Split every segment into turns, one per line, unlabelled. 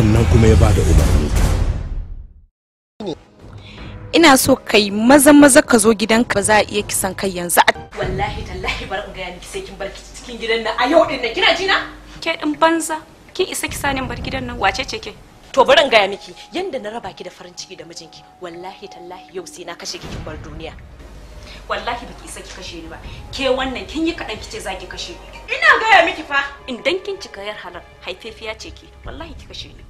sannan kuma ya bada umarni
ina so kai maza maza ka zo gidanka ba za a iya kisan kai yanzu a wallahi tallahi bar in gaya miki sai kin bar cikin gidan nan a yau din nan kina ji na ke din banza kin isa ki sanin bar gidan nan wace ce ke to bar in gaya miki yanda na raba ki da farin ciki da mijinki wallahi tallahi yau sai na kashe ki kin bar duniya wallahi baki isa ki kashe ni ba ke wannan kin yi kadan kice za ki kashe ina gaya miki fa in dan kin cika yar halal haifefiya ce ke wallahi ki kashe ni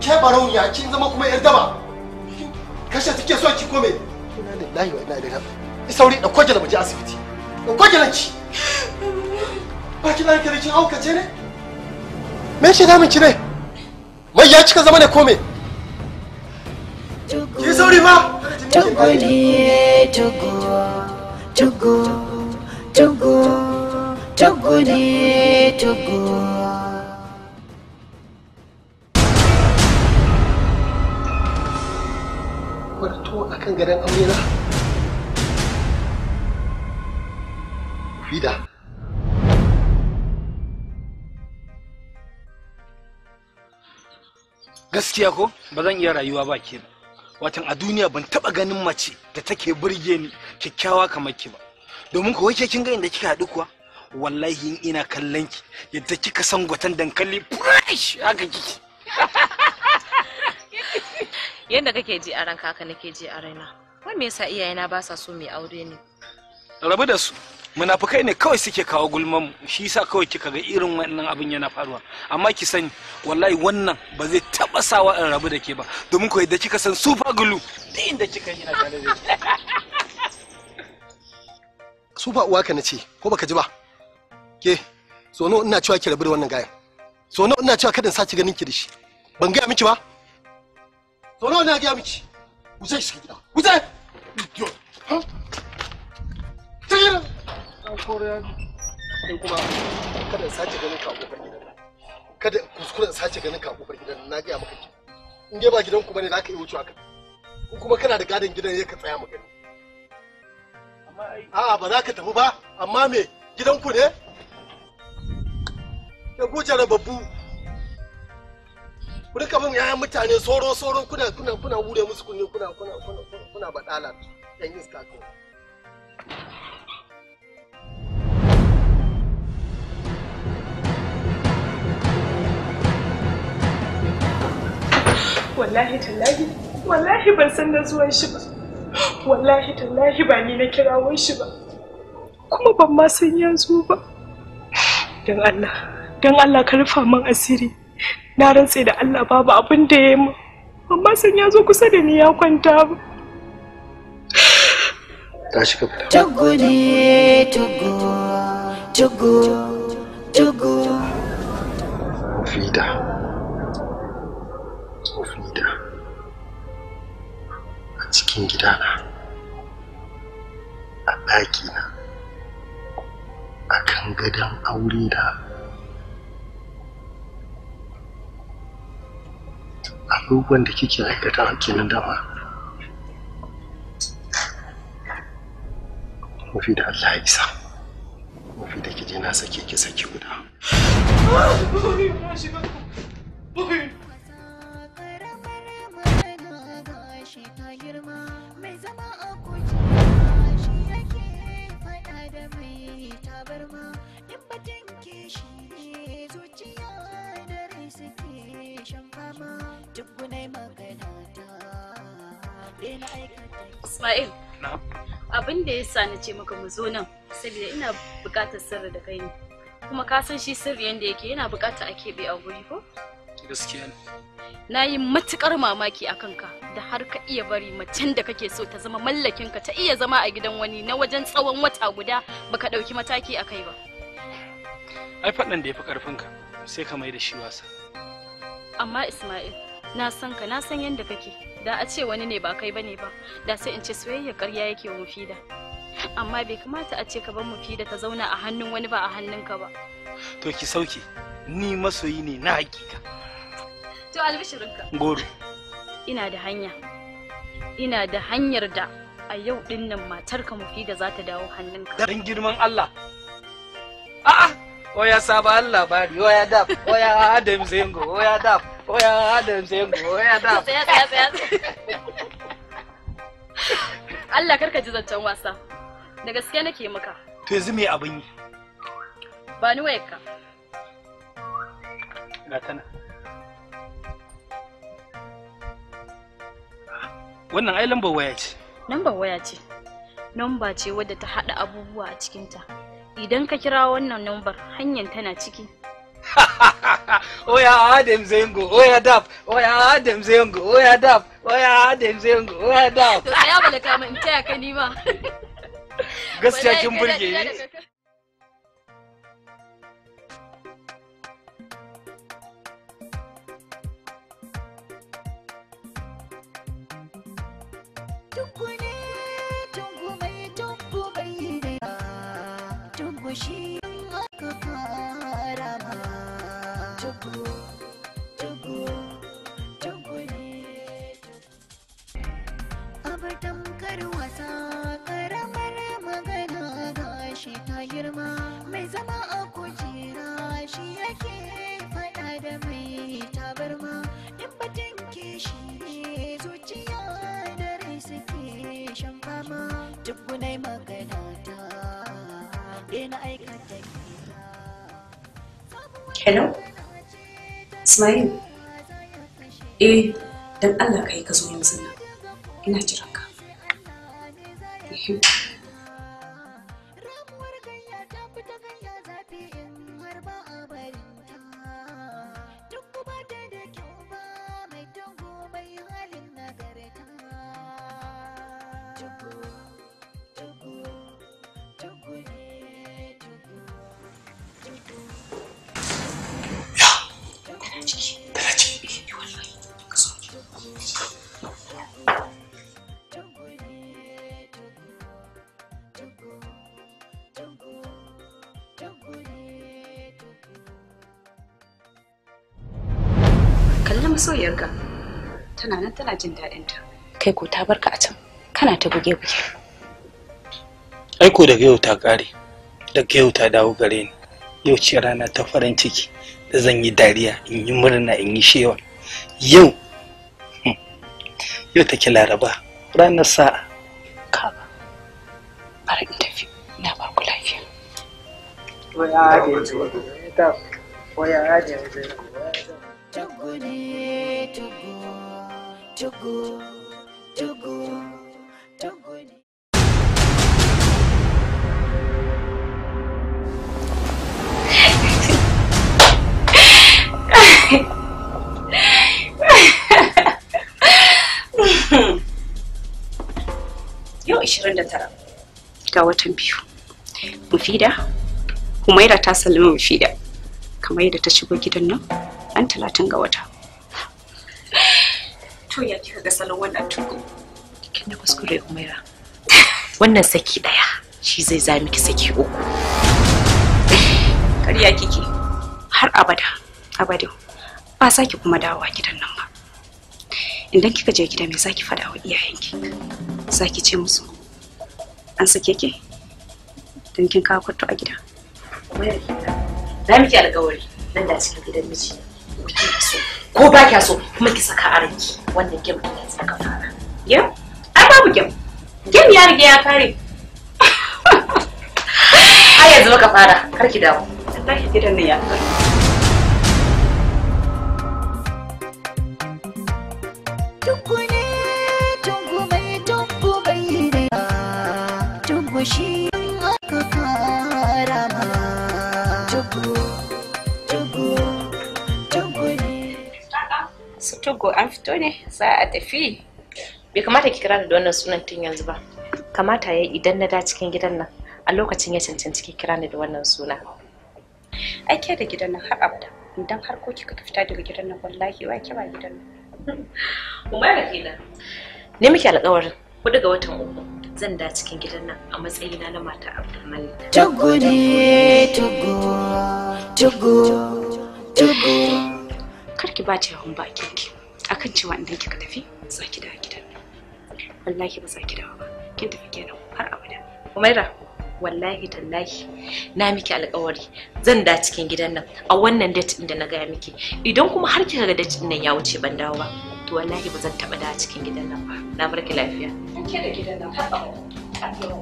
ke barauniya kin zama kuma yar daba kashe take so ki kome ina da lahi wa ina da sauri da kwaje da muje asibiti da kwaje nan ki ba ki lafiya kin aukace ne me shi damun ki ne mai ya cika zama ne kome ki sauri ma tugu tugu
tugu tugu tugu ne
tugu kan
fida gaskiya ko ba zan iya rayuwa ba ke watan a duniya ban taba ganin mace da take burge ni kyakkyawa kamar ki ba domin ko ke kin ga inda kika haɗu kuwa wallahi in ina kallon ki yadda kika san gwatan dankali fresh haka kike
yadda kake ji a ranka haka nake ji a raina wai me yasa iyayena ba sa so mai aure ne
rabu da su munafukai ne kawai suke kawo gulman mu shi yasa kawai kika ga irin wannan abin yana faruwa amma ki sani wallahi wannan ba zai taba sawa in rabu da ke ba domin ko yadda kika san super glue duk inda kika yi na tare da
su ba uwa ka nace ce ko baka ji ba ke so no ina cewa ki rabu da wannan gayan so no ina cewa kada in saci ganin ki da shi ban gaya miki ba sau nawa na gaya miki wuce shi gida wuce idiot ha cikin an kore ya kai kuma kada in sace ganin ka kofar gidan kada kuskure in sace ganin gidan na gaya maka in dai ba ka da gidan ya ka tsaya ba za ka tafi ba amma me gidanku ne ku kuna bin yayan mutane soro soro kuna kuna kuna hure musu kunne kuna kuna kuna kuna badala yan iska ko
wallahi tallahi wallahi ban san da zuwan shi ba wallahi tallahi ba ni na kirawon shi ba kuma ban ma san yanzu ba don Allah don Allah ka rufa min asiri na rantse da Allah babu abin da ya mu amma san ya zo kusa da ni ya kwanta ba
tashi ka fita
tugu ne tugu tugu
tugu ofida ofida
a cikin gidana a ɗakina a kan gadon aure da abubuwan da kike aikata kenan dama mafi da Allah ya isa mafi da kije na sake ki saki guda ah!
Ismail. Abin da ya sa na ce maka mu zo nan saboda ina buƙatar sirri da kai ne. Kuma ka san shi sirri yadda yake yana buƙatar a keɓe a guri ko? Gaskiya ne. Na yi matuƙar mamaki a kanka da har ka iya bari macen da kake so ta zama mallakinka ta iya zama a gidan wani na wajen tsawon wata guda baka ɗauki mataki a kai ba.
Ai faɗan da ya fi ƙarfinka sai ka mai da shi wasa.
Amma Ismail, na san ka na san yadda kake da a ce wani ne ba kai bane ba da sai in ce soyayya ƙarya yake wa mufida amma bai kamata a ce ka bar mufida ta zauna a hannun wani ba a hannunka ba
to ki sauke ni masoyi ne na hakika
to albishirinka goro ina da hanya ina da hanyar da a yau din nan matar ka mufida za ta dawo hannunka
dan girman Allah a'a oya Allah labari oya dab oya adam zengo oya dab Oya Adam sai goya da. Tsaya tsaya
tsaya. Allah karka ji zancen wasa. Da gaske nake maka.
To yanzu me abin yi? Ba ni wayarka. Ina tana. Wannan ai lambar waya ce.
Lambar waya ce. Namba ce wadda ta haɗa abubuwa a cikinta. Idan ka kira wannan lambar hanyar tana ciki.
oya Adam Zengo, oya Daf, oya Adam Zengo, oya Daf, oya Adam Zengo, oya Daf. To
ya bala kama in taya ka nima.
Gaskiya kin burge ni.
Tukwane tungu mai tungu bai da tungu shi
hello ismail eh dan allah ka yi ka zo yanzu nan ina jiran ka masoyarka tana nan tana jin daɗinta kai ko ta barka a can kana ta buge buge
aiko daga yau ta ƙare daga yau ta dawo gare ni yau ce rana ta farin ciki da zan yi dariya in yi murna in yi shewa yau hmm, yau take laraba ranar sa'a ka ba,
bari in tafi na ba ku lafiya Oya, a je, ya
Togo, Togo, Togo ne.
ga watan biyu. Mufida, Humaira ta salimi Mufida, kamar yadda ta shigo gidan nan, an talatin ga wata. to ya kika ga salon wannan tuku kin da kuskure umaira wannan saki daya shi zai za miki saki uku ƙarya kike har abada abada ba ki kuma dawowa gidan nan ba idan kika je gida me zaki fada wa iyayenki ki ce musu an sake ki don kin kawo kwato a gida za mu ki alƙawari nan da cikin gidan miji ko ba kya so kuma ki saka a ranki wannan game din yanzu aka fara game ai babu game game ya riga ya kare ai yanzu muka fara kar ki dawo ta tashi gidan ne ya
tungu tungu mai bai kare tungu shi shigo an fito ne
za a tafi bai kamata ki kira da wannan sunan tun yanzu ba kamata ya idan na da cikin gidan nan a lokacin ya cancanci ki kira ni da wannan suna ai ke da gidan nan har abada idan har ko kika fita daga gidan nan wallahi wa ke ba gidan nan umaira kina ne miki alƙawarin hudu ga watan uku zan da cikin gidan nan
a matsayina na mata abdulmalik
tugu ne tugu tugu tugu kar ki ba ta yawon bakin ki akan cewa idan kika tafi za ki dawo gidan nan wallahi ba za ki dawo ba kin tafi kenan har abada umaira wallahi tallahi na miki alƙawari zan da cikin gidan nan a wannan date din da na gaya miki idan kuma har kika ga date din nan ya wuce ban dawo ba to wallahi ba zan taba da cikin gidan nan ba na barki lafiya ke da gidan nan har abada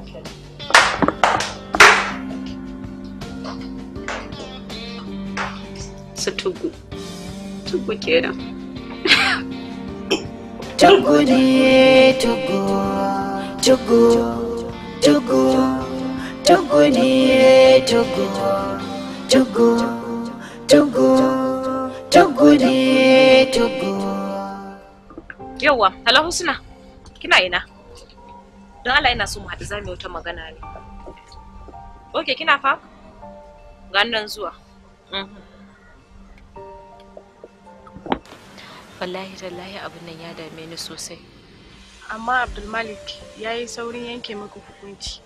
su tugu tugu kenan
Togo ne Togo, Togo, Togo, Togo ne Togo, Togo, Togo, Togo ne Togo.
Yawwa, Hala Husna, kina ina? Don Allah ina so mu haɗu zamu wata magana ne. Okay, kina fa? Ga zuwa. Mm wallahi tallahi abin nan ya dame ni sosai amma abdulmalik ya yi saurin yanke maka hukunci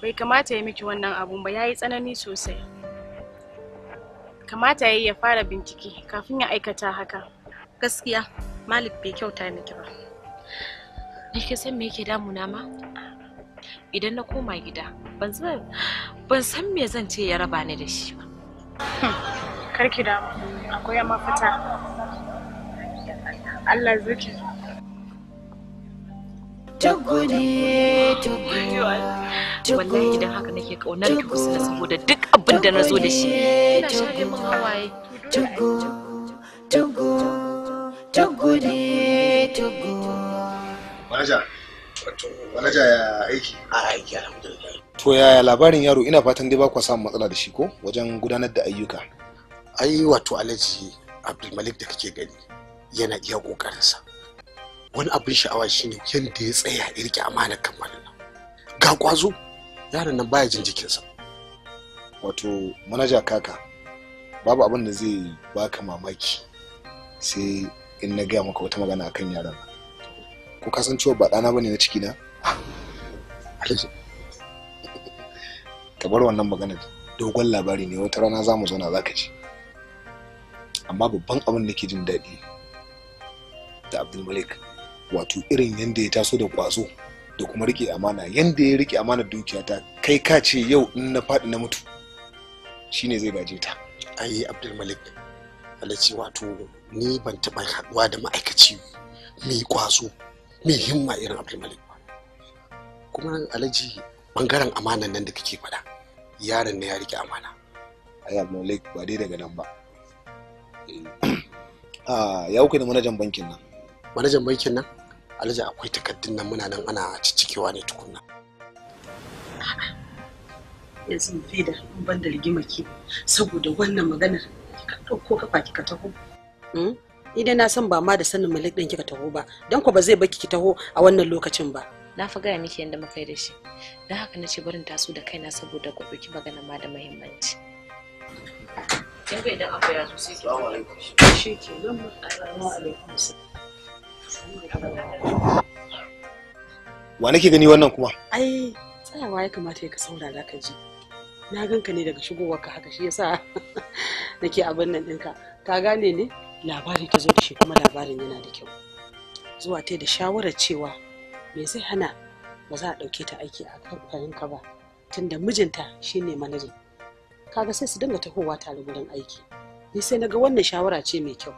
bai kamata ya miki wannan abun ba ya yi tsanani sosai
kamata ya yi ya fara bincike kafin ya aikata haka gaskiya malik bai kyauta miki ba ni ke san me yake damuna ma idan na koma gida ban san me zan ce ya raba ni da shi ba Kar ki damu
akwai mafita Allah
zaki
tugure tugure
wallahi idan haka nake kaunar ki kusa saboda duk abin da na zo da shi ina shafe mun
hawaye wato manaja ya aiki a aiki alhamdulillah to yaya labarin yaro ina fatan dai ba ku samu matsala da shi ko wajen gudanar da ayyuka ai wato alhaji abdulmalik da kake gani yana iya ƙoƙarinsa
wani abin sha'awa shine yadda ya tsaya ya rike amanar kamar nan ga ƙwazo
yaron nan baya jin jikinsa wato manaja kaka babu abin da zai baka mamaki sai in na gaya maka wata magana akan yaron ko ka cewa ba ɗana bane na ciki na ka bar wannan maganar dogon labari ne wata rana za mu zauna za ka ji amma babban abin da ke jin daɗi ta abdulmalik wato irin yadda ya taso da kwazo da kuma rike amana yadda ya rike amana dukiya ta kai ka ce yau in na faɗi na mutu shine zai baje ta ai abdulmalik alaci wato ni ban taɓa haɗuwa da ma'aikaci
mai kwazo mai himma irin abdulmalik ba kuma alaji
bangaren amanan nan da kake faɗa yaron ne ya rike amana ai abdulmalik ba dai daga nan ba eh, ah, ya wuka da manajan bankin nan manajan
bankin nan alhaji akwai takaddun nan muna nan ana cicikewa ne tukunna
yanzu fi da ban da rigima ki saboda wannan magana ka ɗauko kafa kika taho hmm? idan na san ba ma da sanin malik ɗin kika taho ba don ku ba zai baki ki taho a wannan lokacin ba
na fa gaya miki yadda muka yi da shi don haka na ce barin taso da kaina saboda ku ɗauki magana ma da muhimmanci
in kin ga idan akwai yazo sai ki shi ke nan ma
alaikum
wa ke gani wannan kuma
ai tsayawa ya kamata ya ka saurara ka ji na ganka ne daga shigowar ka haka shi yasa nake abin nan ɗinka ka gane ne labari ta zo da shi kuma labarin yana da kyau zuwa ta da shawarar cewa me zai hana ba za a ɗauke ta aiki a ka ba tunda mijinta shine manajan kaga sai su dinga tahowa tare gurin aiki ni sai na ga wannan shawara ce mai kyau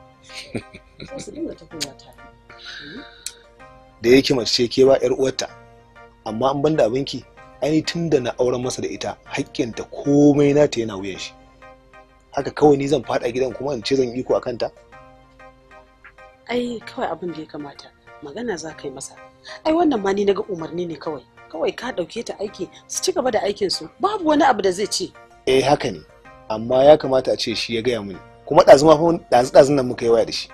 su dinga tahowa tare
da yake mace ke ba yar uwarta amma an banda abinki aini tun da na auren masa da ita ta komai na ta yana wuyan shi haka kawai ni zan fada gidan kuma in ce zan iko a kanta
ai kawai abin da ya kamata magana za ka yi masa ai wannan ma ni na ga umarni ne kawai kawai ka ɗauke ta aiki su ci gaba da aikin su babu wani abu da zai ce
eh haka ne amma ya kamata a ce shi ya gaya mini kuma ɗazu ɗazu nan muka yi waya da shi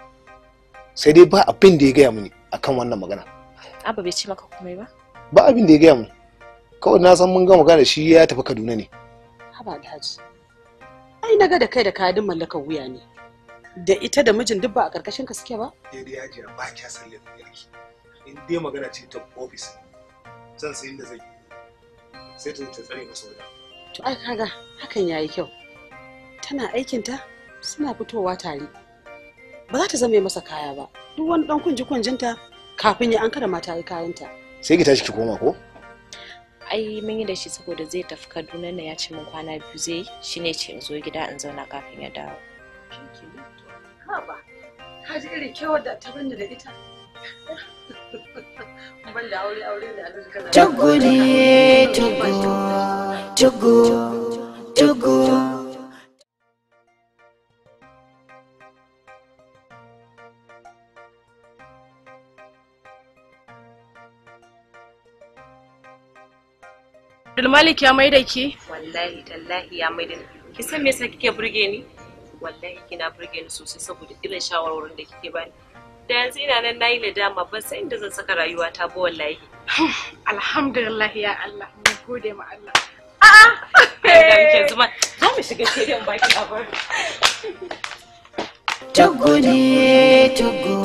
sai dai ba abin da ya gaya mini akan wannan magana
abba bai ce maka komai ba
ba abin da ya gaya mu kawai na san mun ga magana shi ya tafi kaduna ne
haba alhaji ai na ga da kai da kadin mallakar wuya ne da ita da mijin duk ba a karkashin ka suke ba
daidai ya jira ba kya san laifin yarki in dai magana ce ta office zan sayin da zai sai ta tsare masa wuya
to ai kaga hakan yayi kyau tana aikinta suna fitowa tare ba za ta zame masa kaya ba duk wani dan kunji kunjinta
kafin ya ankara mata ai kayanta
sai ki tashi ki koma ko
ai mun yi da shi saboda zai tafi Kaduna ne ya ce min kwana biyu zai shine ce in zo gida in zauna kafin ya dawo
ka ji irin kewar da ta bani da ita
Tugu ne tugu, tugu, tugu.
Abdulmalik ya maida ki? Wallahi tallahi ya maida ni. Ki san me yasa kike burge ni? Wallahi kina burge ni sosai saboda irin shawarwarin da kike bani. Da yanzu ina nan nayi nadama ban san inda zan saka rayuwa ta ba wallahi.
Alhamdulillah ya Allah mun
gode ma Allah. A'a. Yanzu ma za mu shiga cikin baki abar.
Tugu ne tugu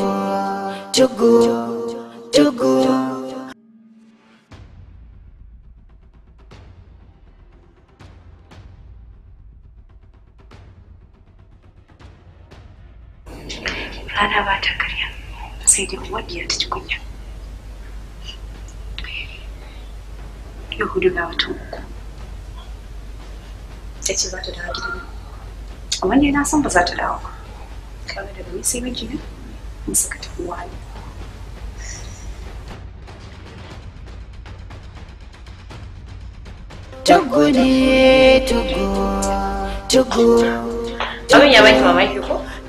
tugu.
rana ba ta karya sai dai uwar ta ci kunya yau hudu ga watan uku ta ce za ta dawo gidan amma ne na san ba za ta dawo ba kawai daga ni sai miji ne mu saka tafi wani
Tugu ne tugu tugu. Abin ya baki mamaki
ko?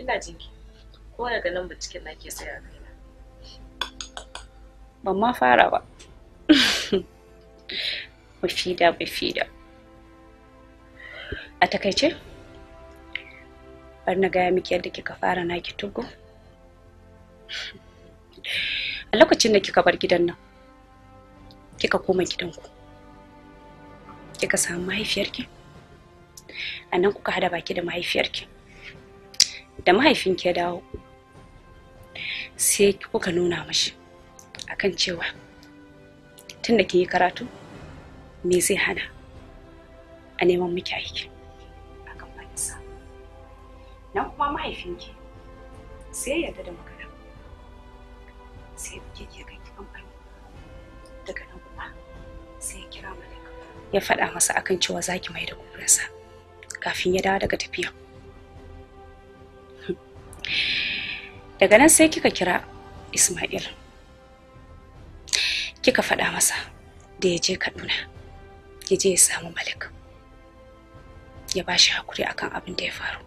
ina jinki ko daga nan cikin na ke a kaina ban ma fara ba mafida mafida a takaice bar na gaya miki yadda kika fara naki tugu a lokacin da kika bar gidan nan kika koma gidanku kika samu mahaifiyarki a nan kuka hada baki da mahaifiyarki da mahaifinki ya dawo sai kuka nuna mashi akan cewa tunda kin yi karatu me zai hana a neman miki aiki a kamfaninsa nan kuma mahaifinki sai ya da magana sai ya ke kai kamfani daga nan kuma sai ya kira mana ya faɗa masa akan cewa zaki mai da kurinsa kafin ya dawo daga tafiya. daga nan sai kika kira ismail kika faɗa masa da ya je kaduna ya je ya samu malik ya ba shi hakuri akan abin da ya faru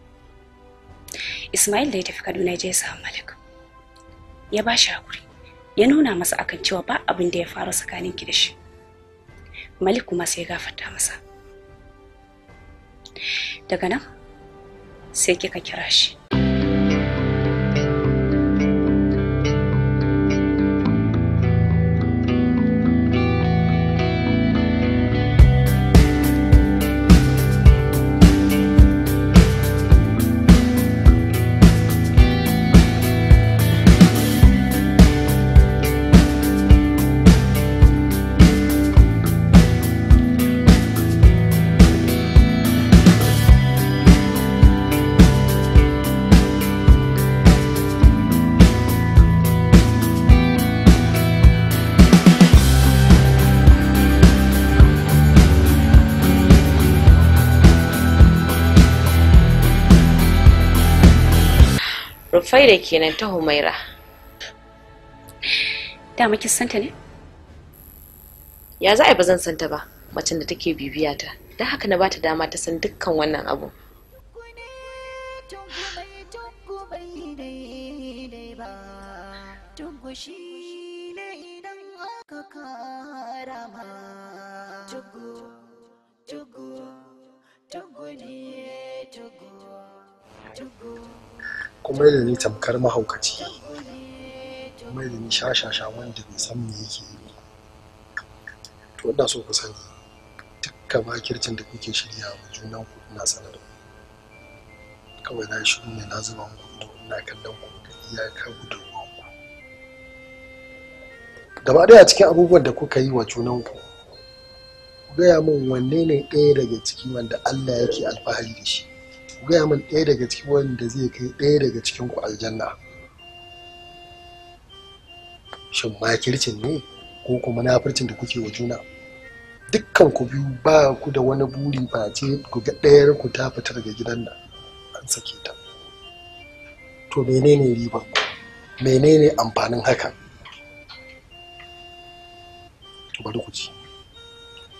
ismail da ya tafi kaduna ya je ya samu malik ya ba shi hakuri ya nuna masa akan cewa ba abin da ya faru tsakanin ki da shi malik kuma sai ya gafarta masa daga nan sai kika kira shi da kenan ta humaira Da muke santa ne ya za a ba zan santa ba macen da take bibiya ta Da haka na bata dama ta san dukkan wannan abu
Tugu, tugu, tugu, tugu, tugu.
kuma da ni tamkar mahaukaci kuma da ni shashasha wanda bai san me yake yi to ina so ku sani dukkan makircin da kuke shirya wa junan ku ina sanar kawai na shi ne na zuba ku da ina kallon ku da iyaka ku gaba a cikin abubuwan da kuka yi wa junan ku gaya min wanne ne ɗaya daga ciki wanda Allah yake alfahari da shi ku gaya min ɗaya daga cikin wanda zai kai ɗaya daga cikin ku aljanna shin makircin ne ko kuma nafircin da kuke wa juna dukkan ku biyu ba ku da wani buri ce ku ga ɗayar ku ta fita daga gidan nan an sake ta to menene riban menene amfanin hakan bari ku ci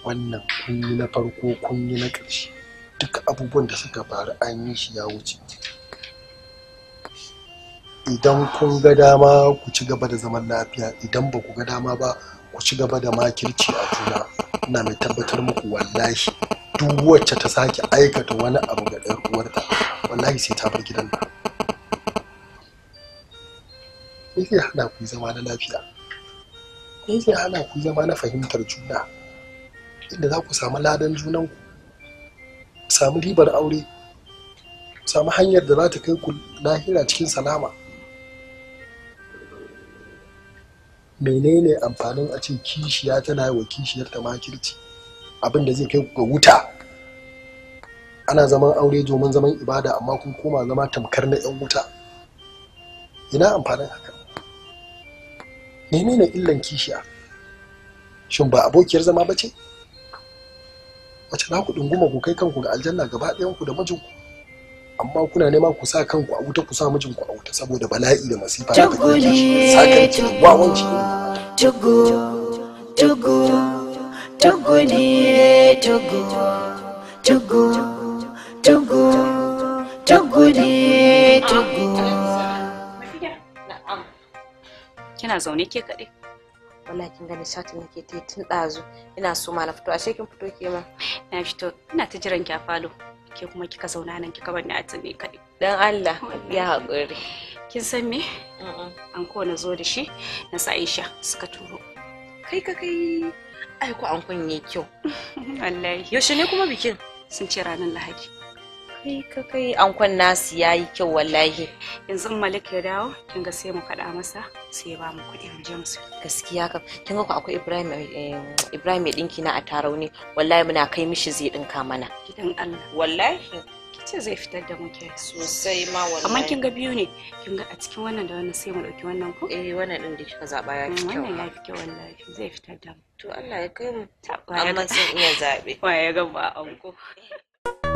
wannan kun yi na farko kun yi na ƙarshe duk abubuwan da suka faru an yi shi ya wuce idan kun ga dama ku ci gaba da zaman lafiya idan ba ku ga dama ba ku ci gaba da makirci a juna ina mai tabbatar muku wallahi duk wacce ta sake aikata wani abu ga ɗan uwarta wallahi sai ta bar gidan nan yake hana ku zama na lafiya yake hana ku zama na fahimtar juna inda za ku samu ladan junanku samu ribar aure samu hanyar da za ta kai ku lahira cikin salama menene amfanin a ce kishiya tana wa kishiyar ta makirci abin da zai kai ku ga wuta ana zaman aure domin zaman ibada amma kun koma zama tamkar na 'yan wuta ina amfanin haka menene illan kishiya shin ba abokiyar zama ba ce wace na ku dunguma ku kai kanku ga aljanna gaba ɗayan ku da mijinku amma kuna nema ku sa kanku a wuta ku sa mijinku a wuta saboda bala'i da masifa da kake ki sakanci wanci tugu tugu
tugu ne tugu tugu tugu tugu ne tugu
kina zaune ke kaɗai wallahi kin gani satin nake ta tun ɗazu ina so ma na fito ashe kin fito ke ma na fito ina ta jiran ki a falo ke kuma kika zauna nan kika bani a tsalle kai dan Allah ya haƙuri kin san me an ko na zo da shi na sa Aisha suka turo
kai ka kai
ai ku an kunye kyau wallahi yaushe ne kuma bikin sun ce ranar Lahadi kai ka kai an kwan nasu yayi kyau wallahi yanzu Malik ya dawo kin ga sai mu faɗa masa sai ya bamu kuɗi mu je gaskiya kam kin ga ku akwai Ibrahim eh, Ibrahim ya dinki na a tarau ne wallahi muna kai mishi zai dinka mana gidan Allah wallahi kice zai fitar da muke. sosai ma wallahi amma kin ga biyu ne kin ga a cikin wannan da wannan sai mu dauki wannan ko eh wannan din da kika zaba ya fi kyau wannan ya fi kyau wallahi zai fitar da mu to Allah ya kai mu amma sun iya zabe wa ya ga ba anko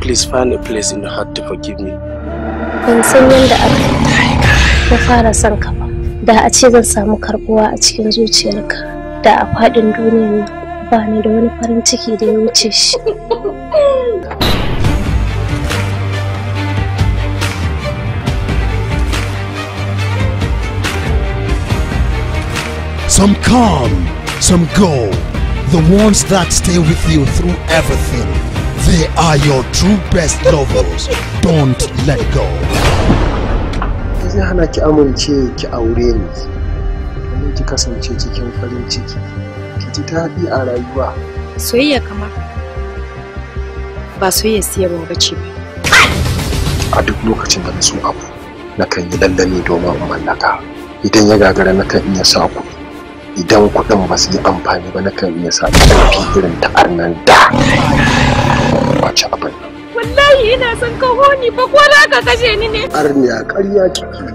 Please find a place in your heart to forgive me.
Ban san yadda aka na fara son ka ba. Da a ce zan samu karbuwa a cikin zuciyarka. Da a faɗin duniyar ba ni da wani farin ciki da ya wuce shi.
Some come, some go. The ones that stay with you through everything They are your true best lovers. Don't let go.
Zai hana ki amince ki aure ni. Domin ki kasance cikin farin ciki. Ki ji daɗi a rayuwa.
Soyayya kamar ba soyayya siyarwa ba ce ba.
A duk lokacin da na so abu, na kan yi lallami domin in mallaka. Idan ya gagara na kan iya sa kuɗi. Idan kuɗin ba su yi amfani ba na kan iya sa ƙarfi irin ta arnan da.
kwaci abin wallahi ina son ka honi ba ko za ka kashe ni ne
arniya
ƙarya kike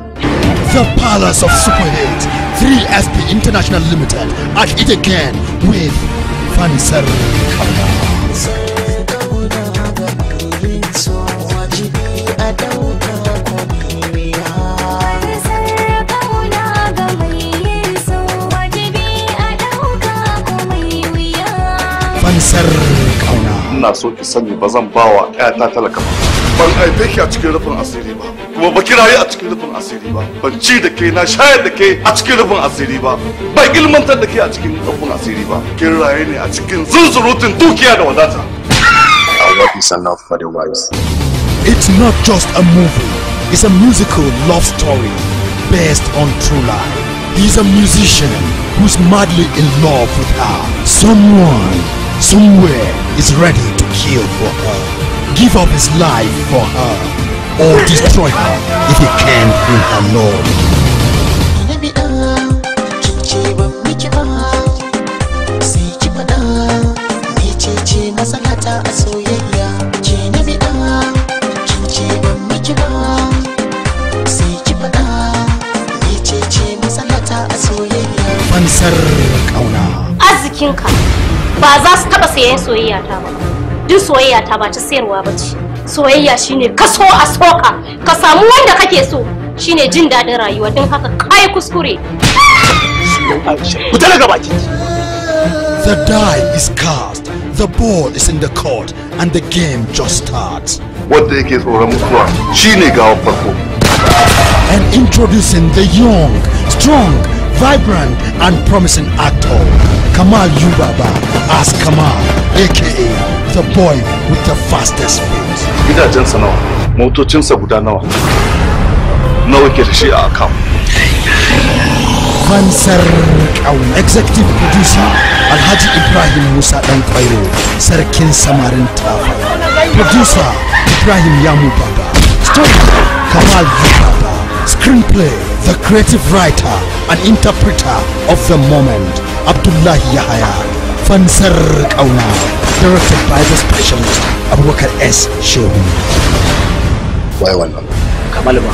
The Palace of Super 3SP International Limited at it again with Fansar Kamal. ina so ki sani ba zan bawa wa ƴata talaka ba ban haife ki a cikin rufin asiri ba kuma ba ki rayu a cikin rufin asiri ba ban ci da ke na shayar da ke a cikin rufin asiri ba ban ilmantar da ke a cikin rufin asiri ba kin raye ne a cikin zunzurutun dukiya da wadata Allah is enough for the wise? It's not just a movie. It's a musical love story based on true life. He's a musician who's madly in love with her. Someone somewhere is ready to kill for her, give up his life for her, or destroy her if he can in her
love.
ba za su taba sayen soyayya ta ba duk soyayya ta ba ta sayarwa ba ce soyayya shine ka so a soka ka samu wanda kake so shine jin daɗin rayuwa don haka kai kuskure
ku tana baki
The die is cast, the ball is in the court, and the game just starts. Wadda yake tsoron mutuwa shine gawa farko. And introducing the young, strong, vibrant and promising actor, Kamal Yubaba as Kamal, aka the boy with the fastest feet. Gidajensa nawa, motocinsa guda nawa, nawa ke da shi a account. Fansar Kauna. Executive Producer Alhaji Ibrahim Musa Dan Kwairo, Sarkin Samarin Tafa. Producer Ibrahim Yamu Baba. Story Kamal Yubaba. Screenplay the creative writer and interpreter of the moment, Abdullah Yahya Fansar Kauna, directed by the specialist Abubakar S. Shehu. Why one? Kamal Come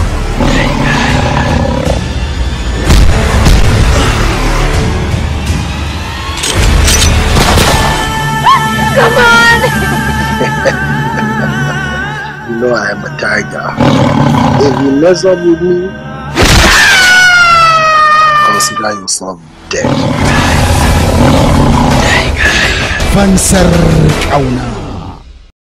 on! you know I am a tiger. If you mess up with me, consider
fansar ƙauna